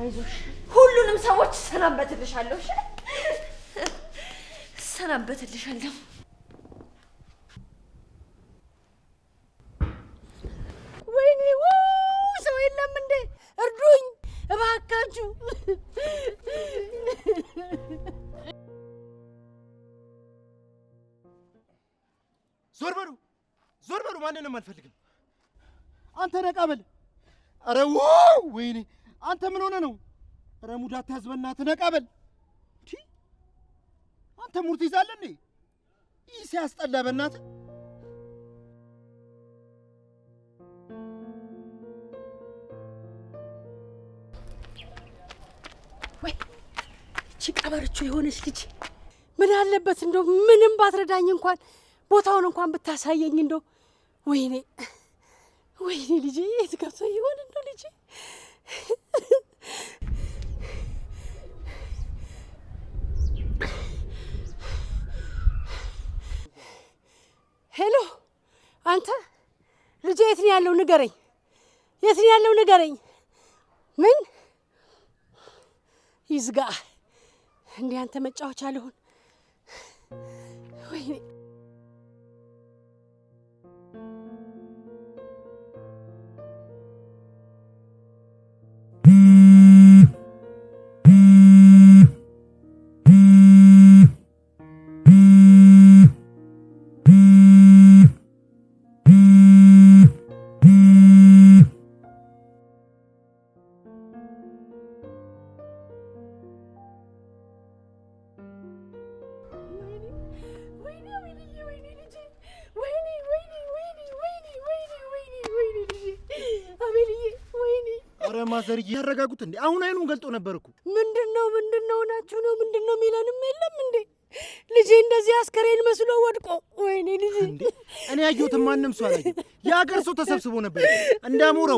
አይዞሽ፣ ሁሉንም ሰዎች ሰናበትልሻለሁ። እሺ፣ ሰናበትልሻለሁ። ወይኔ ሰው የለም እንዴ? እርዱኝ እባካችሁ። ዞር በሉ፣ ዞር በሉ። ማንንም ኧረ ወይኔ አንተ ምን ሆነ ነው? ኧረ ሙድ አትያዝ በእናትህ ነቃ አንተ ሙርት ትይዛለህ ይህ ሲያስጠላ በእናትህ እቺ ቀበርቹ የሆነች ልጅ ምን አለበት እንደው ምንም ባትረዳኝ እንኳን ቦታውን እንኳን ብታሳየኝ እንደው። ወይኔ ወይኔ ልጅ የት ገብቶ ይሆን እንደው ሄሎ፣ አንተ ልጄ የት ነው ያለው? ንገረኝ፣ የት ነው ያለው? ንገረኝ። ምን ይዝጋ እንዲህ አንተ መጫወቻ ልሆን ማዘርዬ ያረጋጉት እንዴ! አሁን አይኑን ገልጦ ነበር እኮ። ምንድን ነው ምንድን ነው ናችሁ ነው ምንድን ነው የሚለንም የለም እንዴ! ልጄ እንደዚህ አስከሬን መስሎ ወድቆ፣ ወይኔ ልጄ! እኔ ያየሁትን ማንም ሰው አላየ። የአገር ሰው ተሰብስቦ ነበር፣ እንደ አሞራ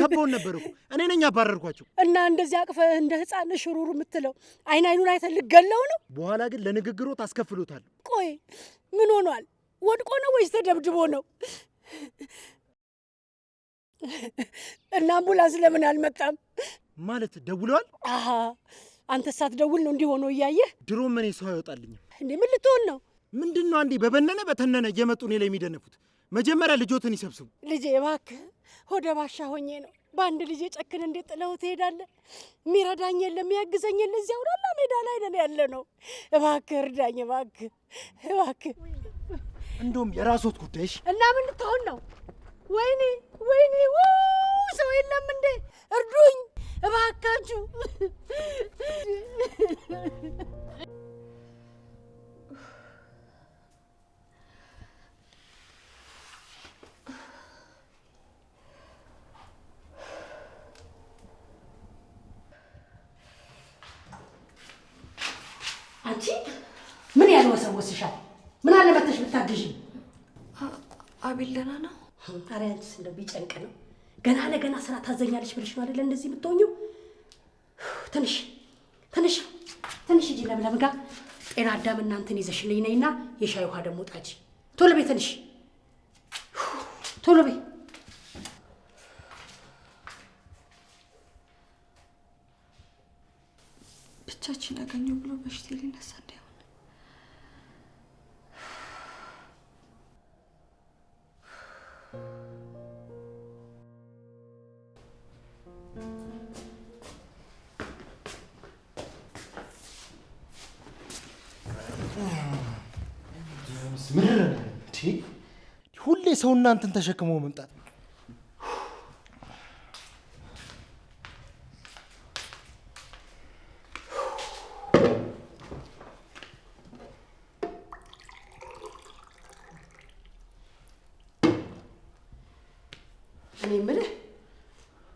ከበውን ነበር እኮ። እኔ ነኝ አባረርኳቸው። እና እንደዚህ አቅፈ እንደ ህፃን ሽሩር የምትለው አይን አይኑን አይተን ልገለው ነው። በኋላ ግን ለንግግሮ ታስከፍሎታል። ቆይ ምን ሆኗል? ወድቆ ነው ወይስ ተደብድቦ ነው? እና አምቡላንስ ለምን አልመጣም? ማለት ደውለዋል? አሀ አንተ ሳትደውል ነው እንዲህ ሆኖ እያየህ። ድሮም እኔ ሰው አይወጣልኝም። እንዴ ምን ልትሆን ነው? ምንድን ነው አንዴ በበነነ በተነነ እየመጡ እኔ ላይ የሚደነፉት? መጀመሪያ ልጆትን ይሰብስቡ። ልጄ እባክህ፣ ሆደ ባሻ ሆኜ ነው በአንድ ልጄ ጨክን እንዴት ጥለው ትሄዳለህ? የሚረዳኝ የለ፣ የሚያግዘኝ የለ። እዚያ ውላላ ሜዳ ላይ ነን ያለ ነው። እባክህ እርዳኝ እባክህ፣ እባክህ። እንደውም የራሶት ጉዳይሽ እና ምን ልትሆን ነው ወይኔ ወይኔ፣ ሰው የለም እንዴ? እርዱኝ እባካችሁ። አንቺ ምን ያልወሰወስሻል? ምን አለበተሽ ብታግዥ። አቤል ደህና ነው? ኧረ አንቺስ እንደው ቢጨንቅ ነው። ገና ለገና ስራ ታዘኛለች ብለሽ ነው አይደለ እንደዚህ የምትሆኝው? ትንሽ ትንሽ ትንሽ ሂጂ ለምለም ጋር ጤና አዳም እናንተን ይዘሽልኝ ነይና የሻይ ውሃ ደግሞ ጣጂ። ቶሎ ቤ ትንሽ ቶሎ ቤ ብቻችን አገኘው ብሎ በሽቴ ሊነሳ እንደ ምርረና ሁሌ ሰው እናንተን ተሸክሞ መምጣት እኔ የምልህ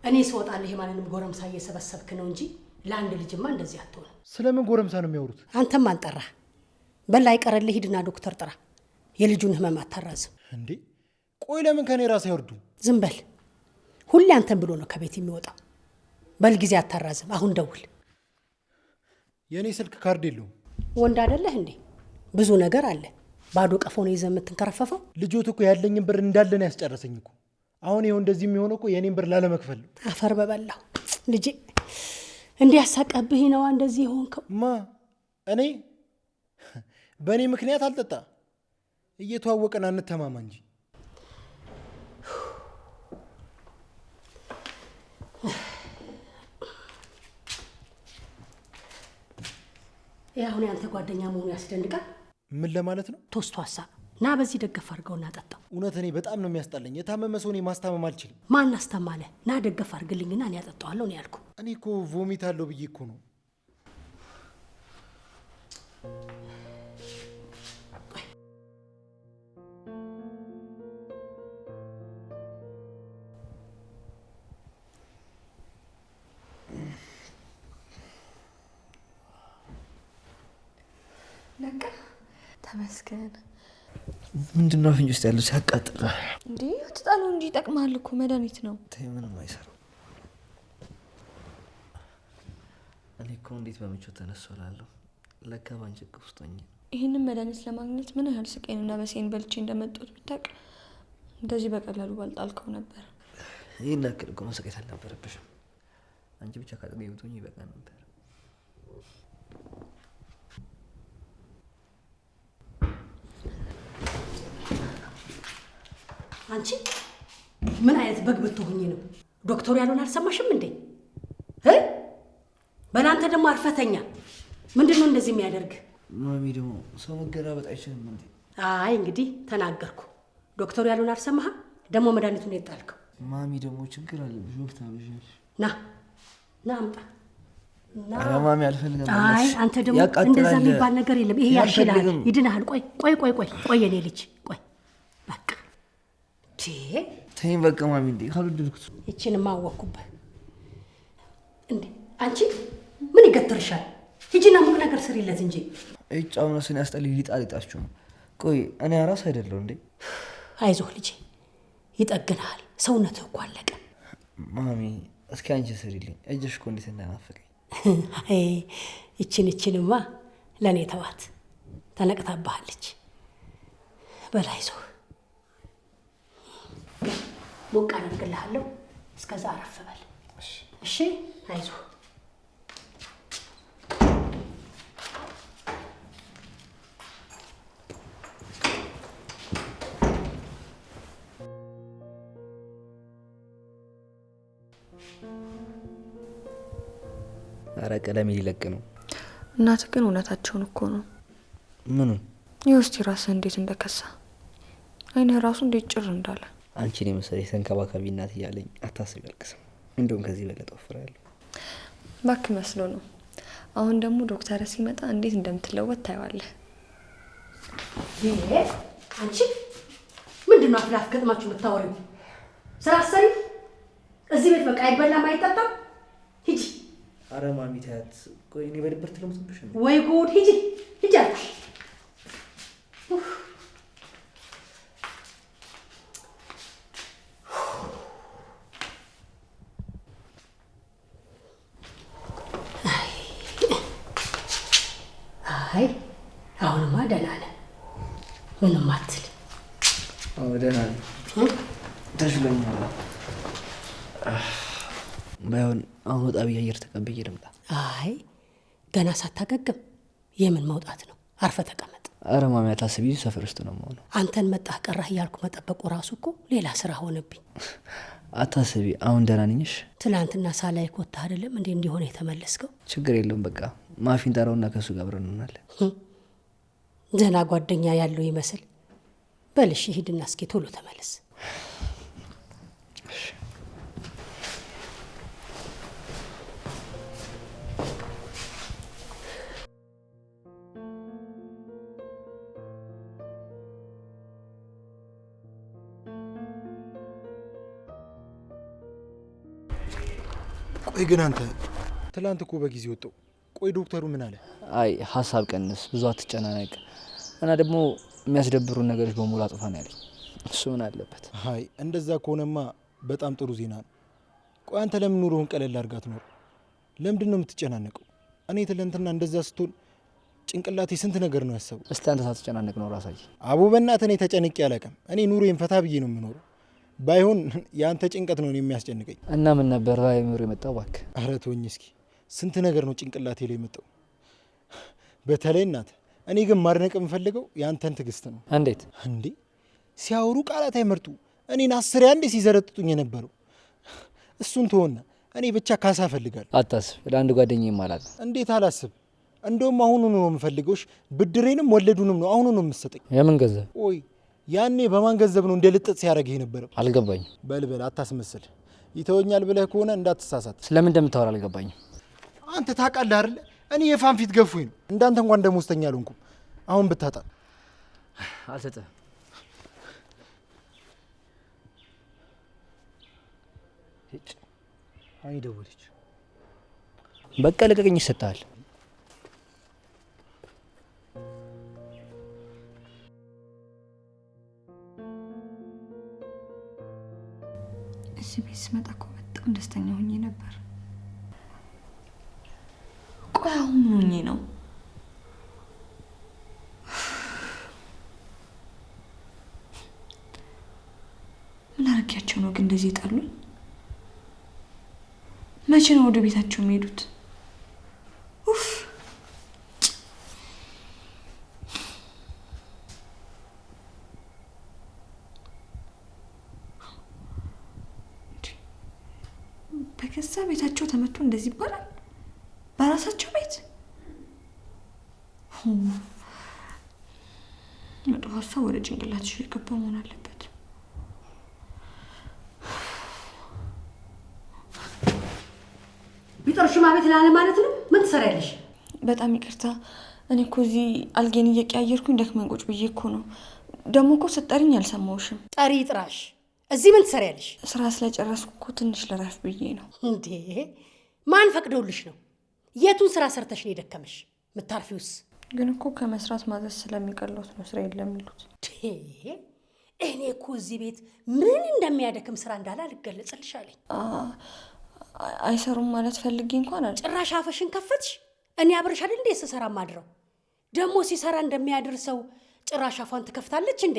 እኔ ስወጣለህ የማንንም ጎረምሳ እየሰበሰብክ ነው እንጂ ለአንድ ልጅማ እንደዚህ አትሆንም። ስለምን ጎረምሳ ነው የሚያወሩት? አንተም አንጠራህ። በል አይቀርልህ፣ ሂድና ዶክተር ጥራ። የልጁን ህመም አታራዝ እንዴ? ቆይ ለምን ከኔ ራስ አይወርዱ? ዝም በል። ሁሌ አንተን ብሎ ነው ከቤት የሚወጣው። በል ጊዜ አታራዝም፣ አሁን ደውል። የእኔ ስልክ ካርድ የለውም። ወንድ አይደለህ እንዴ? ብዙ ነገር አለ። ባዶ ቀፎ ነው ይዘህ የምትንከረፈፈው። ልጆት እኮ ያለኝን ብር እንዳለ ነው ያስጨረሰኝ እኮ። አሁን ይኸው እንደዚህ የሚሆነው እኮ የእኔን ብር ላለመክፈል አፈር በበላው ልጄ፣ እንዲህ ያሳቀብህ ነዋ እንደዚህ የሆንከው። ማ እኔ በእኔ ምክንያት አልጠጣ እየተዋወቀን አንተማማ እንጂ አሁን ያንተ ጓደኛ መሆኑ ያስደንቃል። ምን ለማለት ነው? ቶስቷሳ ና በዚህ ደገፍ አድርገው ጠጣው። እውነት እኔ በጣም ነው የሚያስጠላኝ። የታመመ ሰው እኔ ማስታመም አልችልም። ማን አስተማለ? ና ደገፍ አድርግልኝና እኔ ያጠጣዋለሁ ነው ያልኩ። እኔ እኮ ቮሚት አለው ብዬ እኮ ነው ተመስገን። ምንድን ነው አፍንጭ ውስጥ ያለው ሲያቃጥል? እንዴ ትጣሉ እንጂ ይጠቅማል እኮ መድኃኒት ነው። ምንም አይሰራም። እኔ እኮ እንዴት በምቾት ተነስቶ እላለሁ። ለካ ባንቺ እቅፍ ውስጥ ሆኜ ይህንን መድኃኒት ለማግኘት ምን ያህል ስቃይን በሴን በልቼ እንደመጣሁት ብታውቅ እንደዚህ በቀላሉ ባልጣልከው ነበር። ይህን ያክል እኮ መሰቃየት አልነበረብሽም። አንቺ ብቻ ካጠገቤ ብትሆኚ ይበቃ ነበር። አንቺ ምን አይነት በግ ብትሆኚ ነው? ዶክተሩ ያሉን አልሰማሽም እንዴ? በእናንተ ደግሞ አርፈተኛ ምንድን ነው እንደዚህ የሚያደርግ? ማሚ ደግሞ ሰው መገላበጥ አይችልም እንዴ? አይ እንግዲህ ተናገርኩ። ዶክተሩ ያሉን አልሰማህም? ደግሞ መድኃኒቱን የጣልከው ማሚ ደግሞ ችግር አለ። ወቅት አበዣሽ ና ና አምጣ ማሚ አልፈልግም። አይ አንተ ደግሞ እንደዛ የሚባል ነገር የለም። ይሄ ያሽላል፣ ይድናሃል። ቆይ ቆይ ቆይ ቆይ ቆይ የኔ ልጅ ተይኝ በቃ ማሚ፣ እንዴ አወኩበት። እንዴ አንቺ ምን ይገትርሻል? ሂጂና ነገር ስሪለት እንጂ እጫውን ስን ያስጠል ሊጣሊጣችሁ ነው። ቆይ እኔ አራስ አይደለሁ እንዴ? አይዞህ ልጄ ይጠግናል። ሰውነት እኮ አለቀ። ማሚ እስኪ አንቺ ስሪልኝ። እጅሽ እኮ እንዴት ይችን ይችንማ ለእኔ ተዋት፣ ሞቅ አደርግልሃለሁ። እስከዛ አረፍ በል እሺ። አይዞህ። አረ ቀለም ሊለቅ ነው። እናት ግን እውነታቸውን እኮ ነው። ምኑ ይህ ውስጥ ራስህ እንዴት እንደከሳ አይንህ ራሱ እንዴት ጭር እንዳለ አንቺን የመሰለ የተንከባካቢ እናት እያለኝ አታስቢ፣ አልቅስም። እንደውም ከዚህ በለጠ ወፍራለሁ። ባክ መስሎ ነው። አሁን ደግሞ ዶክተር ሲመጣ እንዴት እንደምትለወጥ ታየዋለህ። አንቺ ምንድን ነው አፍላፍ ገጥማችሁ የምታወሪ? ስራ አሰሪ እዚህ ቤት በቃ አይበላም አይጠጣም። ሂጂ። ኧረ ማሚታት፣ ቆይ እኔ በድብርት ለምትብሽ ነው ወይ ጉድ! ሂጂ ሂጂ አልኩሽ። ባይሆን አሁን ወጣ ብዬ አየር ተቀብዬ ልምጣ። አይ ገና ሳታገግም የምን መውጣት ነው? አርፈ ተቀመጥ። አረ ማሚ አታስቢ፣ ሰፈር ውስጥ ነው መሆነው። አንተን መጣህ ቀራህ እያልኩ መጠበቁ ራሱ እኮ ሌላ ስራ ሆነብኝ። አታስቢ፣ አሁን ደህና ነኝሽ። ትናንትና ሳላይ ኮታ አይደለም እንዴ እንዲሆነ የተመለስከው? ችግር የለውም በቃ ማፊን ጠራውና ከሱ ጋር አብረን እንሆናለን። ደህና ጓደኛ ያለው ይመስል በልሽ፣ ሂድና እስኪ ቶሎ ተመለስ። ቆይ ግን አንተ ትላንት እኮ በጊዜ ወጣው። ቆይ ዶክተሩ ምን አለ? አይ ሀሳብ ቀንስ፣ ብዙ አትጨናነቅ እና ደግሞ የሚያስደብሩ ነገሮች በሙሉ አጥፋ ነው ያለኝ። እሱ ምን አለበት? አይ እንደዛ ከሆነማ በጣም ጥሩ ዜና ነው። ቆይ አንተ ለምን ኑሮውን ቀለል አድርጋት ኖር? ለምንድን ነው የምትጨናነቀው? እኔ ትላንትና እንደዛ ስትሆን ጭንቅላቴ ስንት ነገር ነው ያሰቡ። እስቲ አንተ ሳትጨናነቅ ኖር አሳይ። አቡ በእናትህ እኔ ተጨንቄ አላውቅም። እኔ ኑሮዬን ፈታ ብዬ ነው የምኖረው። ባይሆን የአንተ ጭንቀት ነው የሚያስጨንቀኝ። እና ምን ነበር በአእምሮ የመጣው? እባክህ ኧረ ተወኝ እስኪ። ስንት ነገር ነው ጭንቅላቴ ላይ የመጣው፣ በተለይ እናት። እኔ ግን ማድነቅ የምፈልገው የአንተን ትዕግስት ነው። እንዴት እንዴ! ሲያወሩ ቃላት አይመርጡ። እኔን አስሬ አንዴ ሲዘረጥጡኝ የነበረው እሱን ትሆና እኔ ብቻ ካሳ ፈልጋል። አታስብ፣ ለአንድ ጓደኛ ይማላል። እንዴት አላስብ። እንደውም አሁኑ ነው የምፈልገውሽ። ብድሬንም ወለዱንም ነው አሁኑ ነው የምሰጠኝ። የምን ገንዘብ? ያኔ በማን ገንዘብ ነው እንደ ልጥጥ ይሄ ነበር? አልገባኝ። በልበል አታስመስል። ይተወኛል ብለህ ከሆነ እንዳትሳሳት። ስለምን እንደምታወራ አልገባኝም። አንተ ታውቃለህ አይደል? እኔ የፋን ፊት ገፉኝ ነው እንዳንተ እንኳን ደሞዝተኛ አልሆንኩም። አሁን ብታጣ አልሰጠህም። አይ ደወለች። በቃ ልቀቅኝ፣ ይሰጥሃል እዚህ ቤት ስመጣ እኮ በጣም ደስተኛ ሆኜ ነበር። ቆይ አሁን ምን ሆኜ ነው? ምን አድርጊያቸው ነው ግን እንደዚህ የጣሉኝ? መቼ ነው ወደ ቤታቸው የሚሄዱት? ከዛ ቤታቸው ተመቶ እንደዚህ ይባላል። በራሳቸው ቤት መጥፎ ሀሳብ ወደ ጭንቅላትሽ የገባ መሆን አለበት። ቢጠር ሽማ ቤት ላለ ማለት ነው። ምን ትሰሪያለሽ? በጣም ይቅርታ። እኔ እኮ እዚህ አልጌን እየቀያየርኩኝ ደክመን ቁጭ ብዬ እኮ ነው። ደግሞ እኮ ሰጠሪኝ አልሰማሁሽም። ጠሪ ጥራሽ እዚህ ምን ትሰሪያለሽ? ስራ ስለጨረስኩ እኮ ትንሽ ልረፍ ብዬ ነው። እንዴ ማን ፈቅደውልሽ ነው? የቱን ስራ ሰርተሽ ነው የደከመሽ? ምታርፊውስ ግን እኮ ከመስራት ማዘዝ ስለሚቀሎት ነው ስራ የለም የሚሉት። እኔ እኮ እዚህ ቤት ምን እንደሚያደክም ስራ እንዳለ አልገለጽልሽ አለኝ። አይሰሩም ማለት ፈልጌ እንኳን አለ። ጭራሽ አፈሽን ከፈትሽ። እኔ አብረሽ አይደል እንዴ ስሰራ ማድረው ደግሞ ሲሰራ እንደሚያድር ሰው ጭራሽ አፏን ትከፍታለች እንዴ?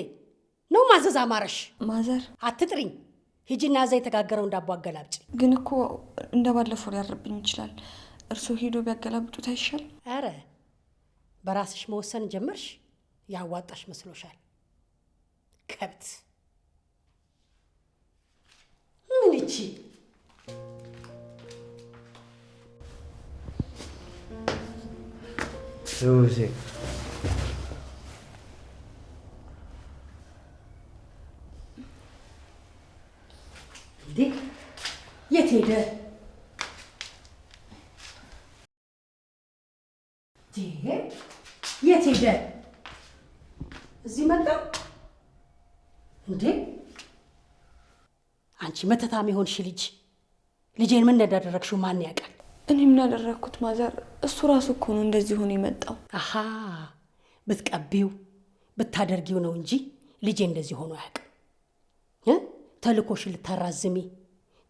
ነው ማዘዝ አማረሽ? ማዘር አትጥሪኝ። ሂጂና እዛ የተጋገረውን ዳቦ አገላብጭ። ግን እኮ እንደ ባለፈው ሊያርብኝ ይችላል። እርስዎ ሄዶ ቢያገላብጡት አይሻል? አረ በራስሽ መወሰን ጀመርሽ። ያዋጣሽ መስሎሻል? ከብት ምን ይቺ ሱዚ እንዴ የት ሄደ? የት ሄደ? እዚህ መጣ እንዴ? አንቺ መተታም የሆንሽ ልጅ ልጄን ምን እንዳደረግሽው ማን ያውቃል? እኔ ምን ያደረግኩት ማዘር? እሱ ራሱ እኮ ነው እንደዚህ ሆኖ የመጣው። አሀ ብትቀቢው ብታደርጊው ነው እንጂ ልጄ እንደዚህ ሆኖ አያውቅም። ተልኮሽ ልታራዝሚ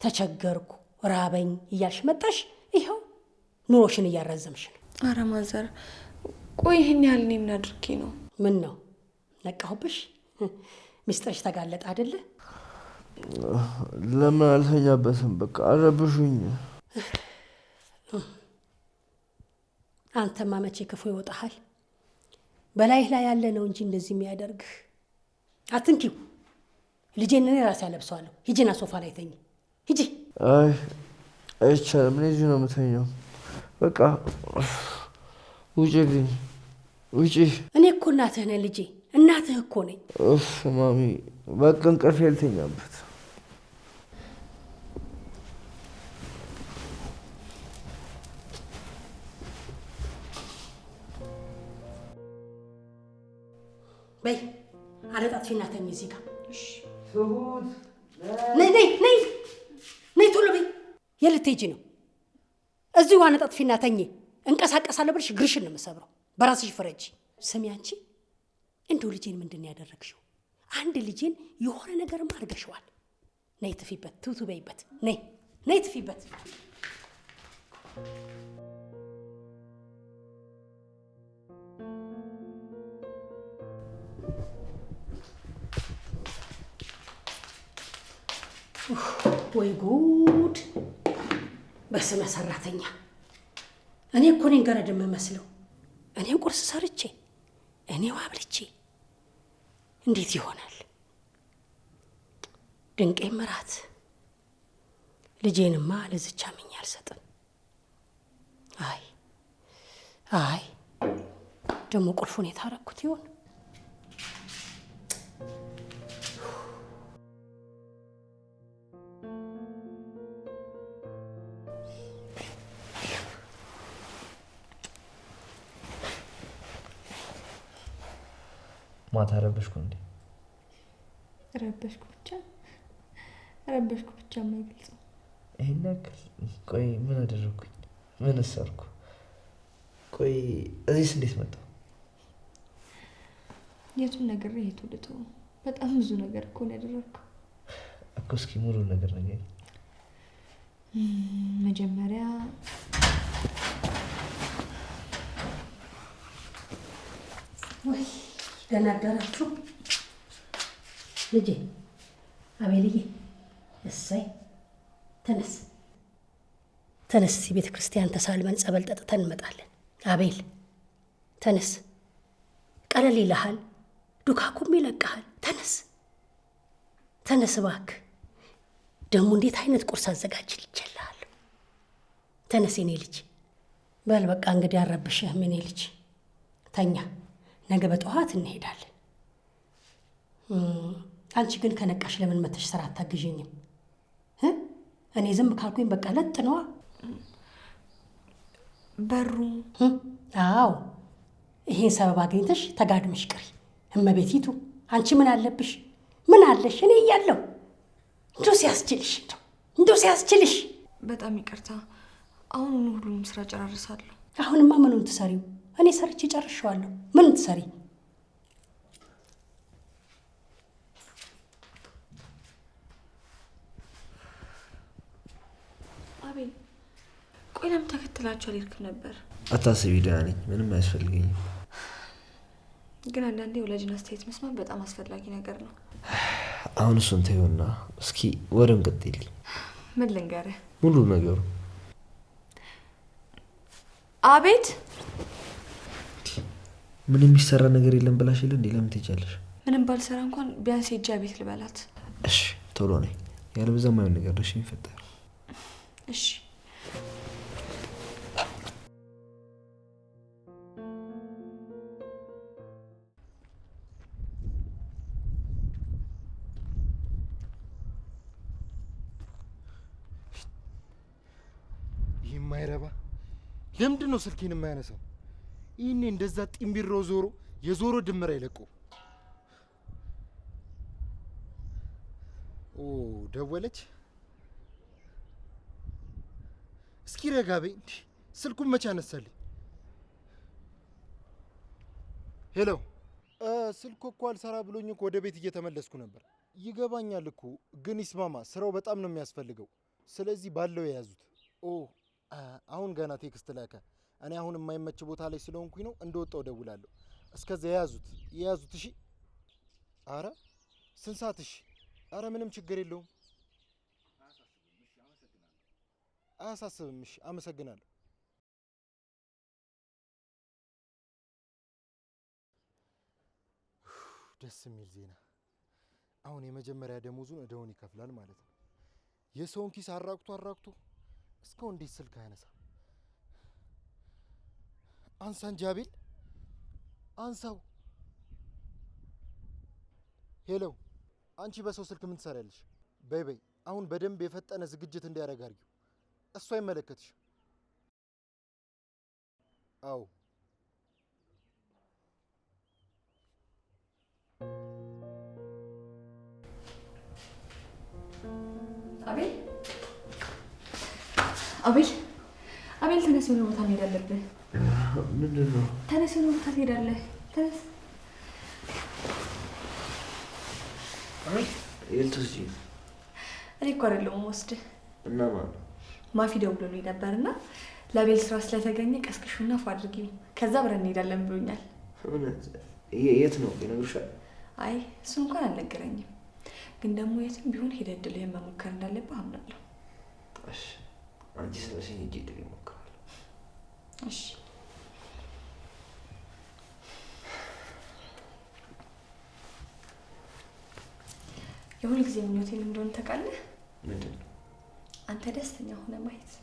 ተቸገርኩ፣ ራበኝ እያልሽ መጣሽ። ይኸው ኑሮሽን እያራዘምሽ ነው። አረ ማዘር፣ ቆይ ይህን ያህል እኔ ምን አድርጌ ነው? ምን ነው ነቃሁብሽ? ሚስጥርሽ ተጋለጠ አይደለ? ለምን አልተኛበትም? በቃ አረብሹኝ። አንተማ መቼ ክፉ ይወጣሃል። በላይህ ላይ ያለ ነው እንጂ እንደዚህ የሚያደርግህ አትንኪው። ልጄን እኔ ራሴ አለብሰዋለሁ። ሂጂና ሶፋ ላይ ተኝ። ሂጂ። አይ አይቻልም። እኔ እዚህ ነው የምተኛው። በቃ ውጭ ግኝ፣ ውጪ። እኔ እኮ እናትህ ነህ ልጄ፣ እናትህ እኮ ነኝ። እፍ ማሚ በቃ እንቅልፌ ልተኛበት በይ። አለጣጥፊና ፊናተኝ እዚህ ጋር ነይ ቶሎ በይ። የልትሄጂ ነው? እዚሁ አነጣጥፊና ተኝ። እንቀሳቀሳለሁ ብለሽ ግርሽን ነው የምሰብረው። በራስሽ ፍረጂ። ስሚ አንቺ እንደው ልጄን ምንድን ነው ያደረግሽው? አንድ ልጄን የሆነ ነገርም አድርገሽዋል። ነይ ትፊበት፣ ትውቱ በይበት። ነይ ነይ ትፊበት። ወይ ጉድ! በስመ ሰራተኛ እኔ እኮ እኔን ገረድ የምመስለው እኔ ቁርስ ሰርቼ እኔ አብልቼ እንዴት ይሆናል? ድንቄ ምራት ልጄንማ ለዝቻ ምኛ አልሰጥም። አይ አይ ደግሞ ቁልፉን የታረኩት ይሆን? ማታ ረበሽኩ እንዴ? ረበሽኩ ብቻ ረበሽኩ ብቻ የማይገልጽ ይህን ያክል። ቆይ ምን አደረግኩኝ? ምን እሰርኩ? ቆይ እዚህ እንዴት መጣሁ? የቱን ነገር የቱ ልቶ በጣም ብዙ ነገር እኮ ነው ያደረግኩ እኮ። እስኪ ሙሉ ነገር ነገር መጀመሪያ ደህና አደራችሁ ልጄ አቤልዬ። እሰይ ተነስ ተነስ፣ ቤተ ክርስቲያን ተሳልመን ጸበል ጠጥተን እንመጣለን። አቤል ተነስ፣ ቀለል ይልሃል፣ ዱካኩም ይለቀሃል። ተነስ ተነስ እባክህ። ደግሞ እንዴት አይነት ቁርስ አዘጋጅቼልሃለሁ። ተነስ የኔ ልጅ። በል በቃ እንግዲህ አረብሽህም የኔ ልጅ ተኛ። ነገ በጠዋት እንሄዳለን። አንቺ ግን ከነቃሽ ለምን መተሽ ስራ አታግዥኝም? እኔ ዝም ካልኩኝ በቃ ለጥ ነዋ። በሩ አዎ፣ ይሄን ሰበብ አግኝተሽ ተጋድመሽ ቅሪ። እመቤቲቱ አንቺ ምን አለብሽ? ምን አለሽ? እኔ እያለሁ እንዶ ሲያስችልሽ እንዶ ሲያስችልሽ። በጣም ይቅርታ። አሁን ሁሉንም ስራ ጨራርሳለሁ። አሁንማ ምኑን ትሰሪው? እኔ ሰርቼ ጨርሸዋለሁ። ምን ትሰሪ? አቤል፣ ቆይ ለምን ተከትላቸው አልሄድክም ነበር? አታስቢ ነኝ። ምንም አያስፈልገኝም። ግን አንዳንዴ የወላጅን አስተያየት መስማት በጣም አስፈላጊ ነገር ነው። አሁን እሱን ተይውና እስኪ ወደም እንቅጥልኝ። ምን ልንገርህ? ሙሉ ነገሩ አቤት ምን የሚሰራ ነገር የለም ብላሽ የለ እንዴ? ለምን ትሄጃለሽ? ምንም ባልሰራ እንኳን ቢያንስ ሄጃ ቤት ልበላት። እሺ ቶሎ ነኝ። ያለበዛ ማየን ነገር ደሽ ይፈጠር። እሺ ይህ ማይረባ ለምንድን ነው ስልኬን የማያነሳው? ይህኔ እንደዛ ጢምቢሮ ዞሮ የዞሮ ድምር አይለቁ። ኦ ደወለች። እስኪ ረጋ በይ። እንዲ ስልኩን መቼ አነሳልኝ? ሄሎ፣ ስልኩ እኮ አልሰራ ብሎኝ እኮ ወደ ቤት እየተመለስኩ ነበር። ይገባኛል እኮ ግን ይስማማ፣ ስራው በጣም ነው የሚያስፈልገው። ስለዚህ ባለው የያዙት። ኦ አሁን ገና ቴክስት ላከ። እኔ አሁን የማይመች ቦታ ላይ ስለሆንኩኝ ነው እንደወጣው ደውላለሁ። እስከዚያ የያዙት የያዙት። እሺ፣ አረ ስንት ሰዓት? እሺ፣ አረ ምንም ችግር የለውም አያሳስብም። እሺ፣ አመሰግናለሁ። ደስ የሚል ዜና። አሁን የመጀመሪያ ደሞዙን እደውን ይከፍላል ማለት ነው። የሰውን ኪስ አራቅቶ አራቅቶ እስካሁን እንዴት ስልክ አያነሳ? አንሳን ጃቢል አንሳው። ሄለው አንቺ በሰው ስልክ ምን ትሰሪያለሽ? በይ በይ፣ አሁን በደንብ የፈጠነ ዝግጅት እንዲያደርግ አድርጊው። እሱ አይመለከትሽ። አዎ አቤል፣ አቤል፣ አቤል ተነስ፣ የሆነ ቦታ መሄድ አለብን። ምንድን ነው? ተነስ፣ የሆነ ቦታ ትሄዳለህ። ተነስ። የልትወስጂ? እኔ እኮ አይደለሁም ወስድህ እና ማለት ማፊ ደውሎልኝ ነበር እና ለቤል ስራ ስለተገኘ ቀስቅሹና ፎ አድርጊው ከዛ አብረን እንሄዳለን ብሎኛል። እውነት? የት ነው ይነግሩሻል? አይ እሱ እንኳን አልነገረኝም፣ ግን ደግሞ የትም ቢሆን ሄደህ እድልህን መሞከር እንዳለብህ አምናለሁ። እሺ አንቺ ስለሽኝ እጅ እድል ይሞክራል። እሺ የሁልጊዜ ምኞቴን እንደሆነ ታውቃለህ? ምንድን ነው? አንተ ደስተኛ ሆነ ማየት።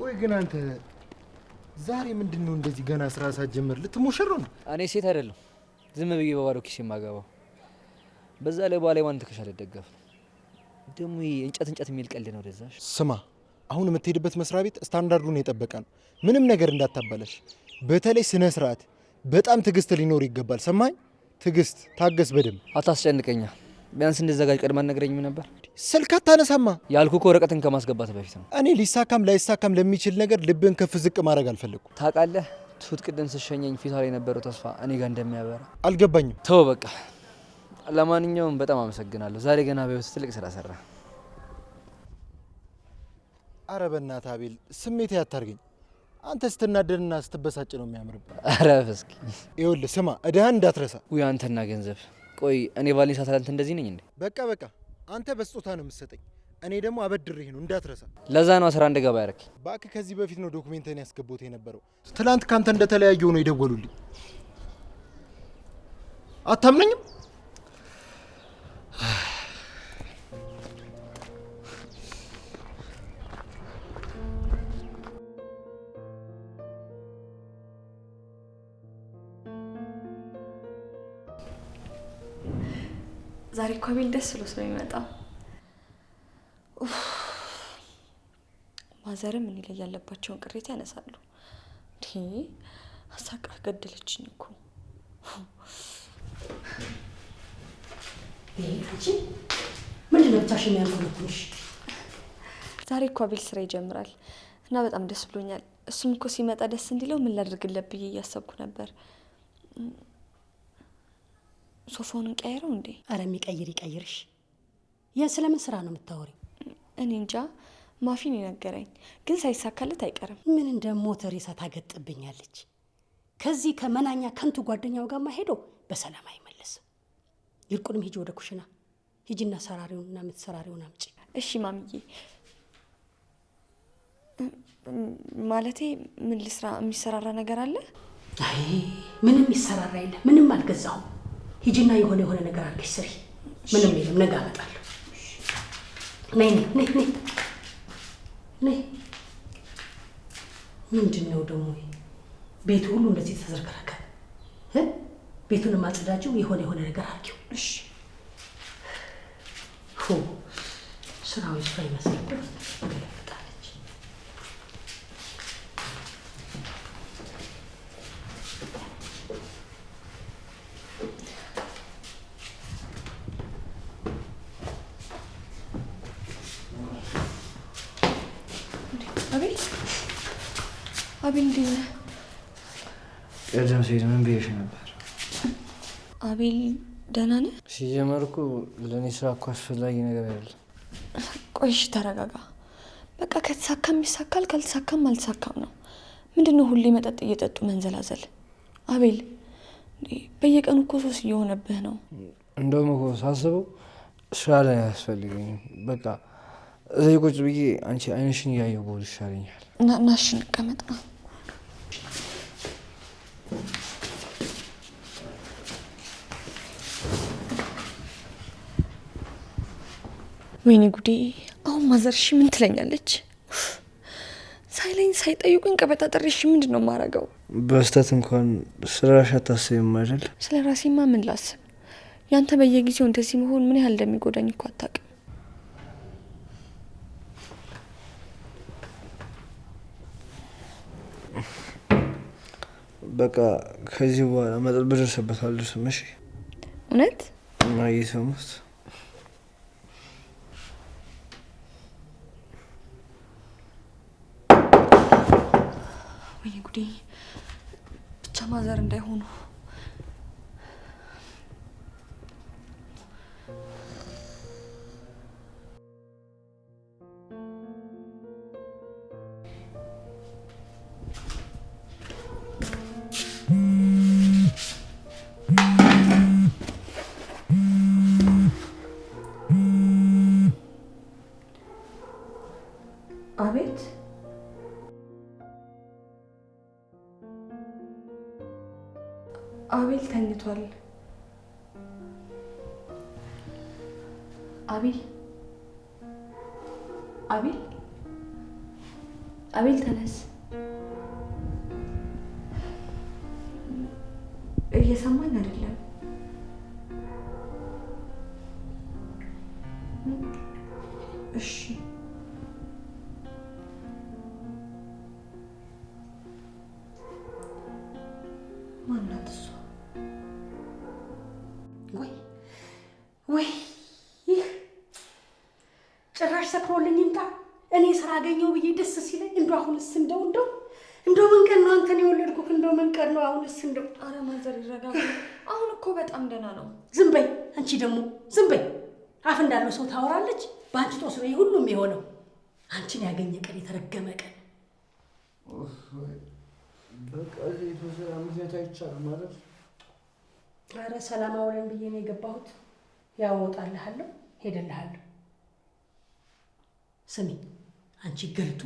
ቆይ ግን አንተ ዛሬ ምንድን ነው እንደዚህ ገና ስራ ሳትጀምር ልትሞሸሩ ነው? እኔ ሴት አይደለም ዝም ብዬ በባዶ ኪስ የማገባው በዛ ላይ በኋላ ማን ትከሻ ልደገፍ ደግሞ እንጨት እንጨት የሚል ቀልድ ነው። ደዛሽ ስማ፣ አሁን የምትሄድበት መስሪያ ቤት ስታንዳርዱን የጠበቀ ነው። ምንም ነገር እንዳታበለሽ። በተለይ ስነ ስርዓት፣ በጣም ትዕግስት ሊኖር ይገባል። ሰማኝ፣ ትዕግስት፣ ታገስ በደንብ አታስጨንቀኛ። ቢያንስ እንደዘጋጅ ቀድማ ነገረኝም ነበር። ስልክ አታነሳማ ያልኩ እኮ ወረቀትን ከማስገባት በፊት ነው። እኔ ሊሳካም ላይሳካም ለሚችል ነገር ልብን ከፍ ዝቅ ማድረግ አልፈለግኩም ታውቃለህ። ትሁት ቅድም ስሸኘኝ ፊቷ ላይ የነበረው ተስፋ እኔ ጋር እንደሚያበራ አልገባኝም። ተው በቃ። ለማንኛውም በጣም አመሰግናለሁ። ዛሬ ገና በህይወት ትልቅ ስራ ሰራ። አረ በእናትህ አቤል ስሜት ያታርገኝ። አንተ ስትናደድና ስትበሳጭ ነው የሚያምርብህ። አረ እስኪ ይኸውልህ ስማ፣ እዳህን እንዳትረሳ። ውይ አንተና ገንዘብ። ቆይ እኔ ባለኝ ሳታላንት እንደዚህ ነኝ እንዴ? በቃ በቃ፣ አንተ በስጦታ ነው የምትሰጠኝ እኔ ደግሞ ይሄ ነው እንዳትረሳ። ለዛ ነው አስራ አንድ ገባ ያደረክ። ባክ። ከዚህ በፊት ነው ዶክሜንትን ያስገቡት የነበረው። ትናንት ካንተ እንደተለያየ ነው የደወሉልኝ። አታምነኝም? ዛሬ እኮ ደስ ብሎ ስለሚመጣ ማዘርም እኔ ላይ ያለባቸውን ቅሬታ ያነሳሉ። አሳቃ ገደለችኝ እኮ ምንድነው? ብቻሽን ያልኩሽ ዛሬ እኮ አቤል ስራ ይጀምራል እና በጣም ደስ ብሎኛል። እሱም እኮ ሲመጣ ደስ እንዲለው ምን ላደርግለት ብዬ እያሰብኩ ነበር። ሶፋውን እንቀይረው እንዴ? አረ የሚቀይር ይቀይርሽ። ስለምን ስራ ነው የምታወሪው? እኔ እንጃ ማፊን ይነገረኝ፣ ግን ሳይሳካለት አይቀርም። ምን እንደ ሞተር ሬሳ ታገጥብኛለች። ከዚህ ከመናኛ ከንቱ ጓደኛው ጋርማ ሄዶ በሰላም አይመለስም። ይልቁንም ሂጂ ወደ ኩሽና ሂጂና ሰራሪውንና ምትሰራሪውን አምጪ። እሺ ማምዬ። ማለቴ ምን ልስራ? የሚሰራራ ነገር አለ? አይ ምንም ይሰራራ የለ። ምንም አልገዛሁም። ሂጂና የሆነ የሆነ ነገር አድርገሽ ስሪ። ምንም የለም። ነገ አመጣለሁ። ነይ ነይ ነይ ነይ። ምንድን ነው ደግሞ ቤቱ ሁሉ እንደዚህ ተዘርከረከ? ቤቱን ማጽዳጅው የሆነ የሆነ ነገር አድርጊው። እሺ ስራው ይስራ ይመስል ቀደም ሲል ምን ብዬሽ ነበር? አቤል ደህና ነህ? ሲጀመር እኮ ለእኔ ስራ እኮ አስፈላጊ ነገር አይደለም። ቆይሽ ተረጋጋ። በቃ ከተሳካም ይሳካል፣ ካልተሳካም አልተሳካም ነው። ምንድን ነው ሁሌ መጠጥ እየጠጡ መንዘላዘል? አቤል በየቀኑ እኮ ሱስ እየሆነብህ ነው። እንደውም እኮ ሳስበው ስራ ላይ አያስፈልገኝም። በቃ እዚህ ቁጭ ብዬ አንቺ አይንሽን እያየሁ ብሆን ይሻለኛል። ናሽን ቀመጥና ወይኔ ጉዴ! አሁን ማዘር እሺ ምን ትለኛለች? ሳይለኝ ሳይጠይቁኝ ቀበጣጥሬ እሺ ምንድን ነው የማረገው? በስተት እንኳን ራሽ አታስብም አይደል? ስለ ራሴማ ምን ላስብ? ያንተ በየጊዜው እንደዚህ መሆን ምን ያህል እንደሚጎዳኝ እኮ አታውቅም። በቃ ከዚህ በኋላ መጠጥ በደርሰበት አልደርስም። እሺ እውነት ማየሰሙት ወይ ጉዴ! ብቻ ማዘር እንዳይሆኑ እየሰማኝ አይደለም አሁንስ እንደው ኧረ ማዘር ይረጋ። አሁን እኮ በጣም ደህና ነው። ዝም በይ አንቺ ደግሞ ዝም በይ። አፍ እንዳለው ሰው ታወራለች። በአንቺ ጦስ ነው ሁሉም የሆነው። አንቺን ያገኘ ቀን የተረገመ ቀን። በቃ በስራ ምክንያት አይቻልም ማለት አረ ሰላም አውለን ብዬ ነው የገባሁት። ያወጣልሃለሁ ሄደልሃለሁ። ስሚ አንቺ ገልቱ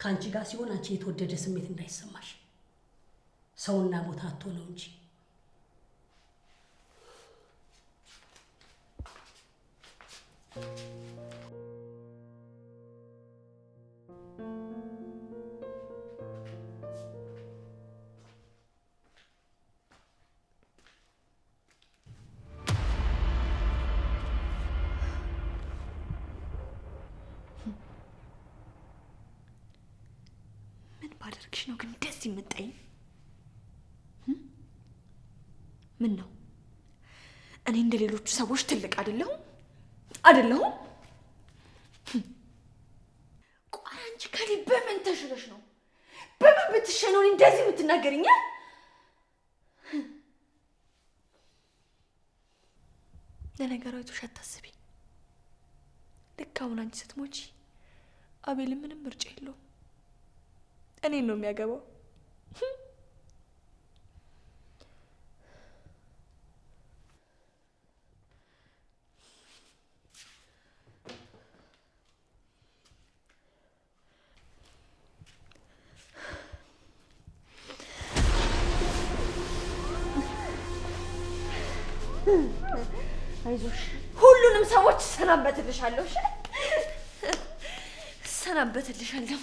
ከአንቺ ጋር ሲሆን አንቺ የተወደደ ስሜት እንዳይሰማሽ ሰውና ቦታ አቶ ነው እንጂ Thank you. ሌሎቹ ሰዎች ትልቅ አይደለሁም አይደለሁም። ቆይ አንቺ ከሌ በምን ተሽለሽ ነው? በምን ብትሸነውን እንደዚህ የምትናገርኛ? ለነገሩ አይቶሽ አታስቢ። ልክ አሁን አንቺ ስትሞቺ አቤል ምንም ምርጫ የለውም። እኔን ነው የሚያገባው። አይዞሽ፣ ሁሉንም ሰዎች ሰናበትልሻለሁ። ሰናበትልሻለሁ።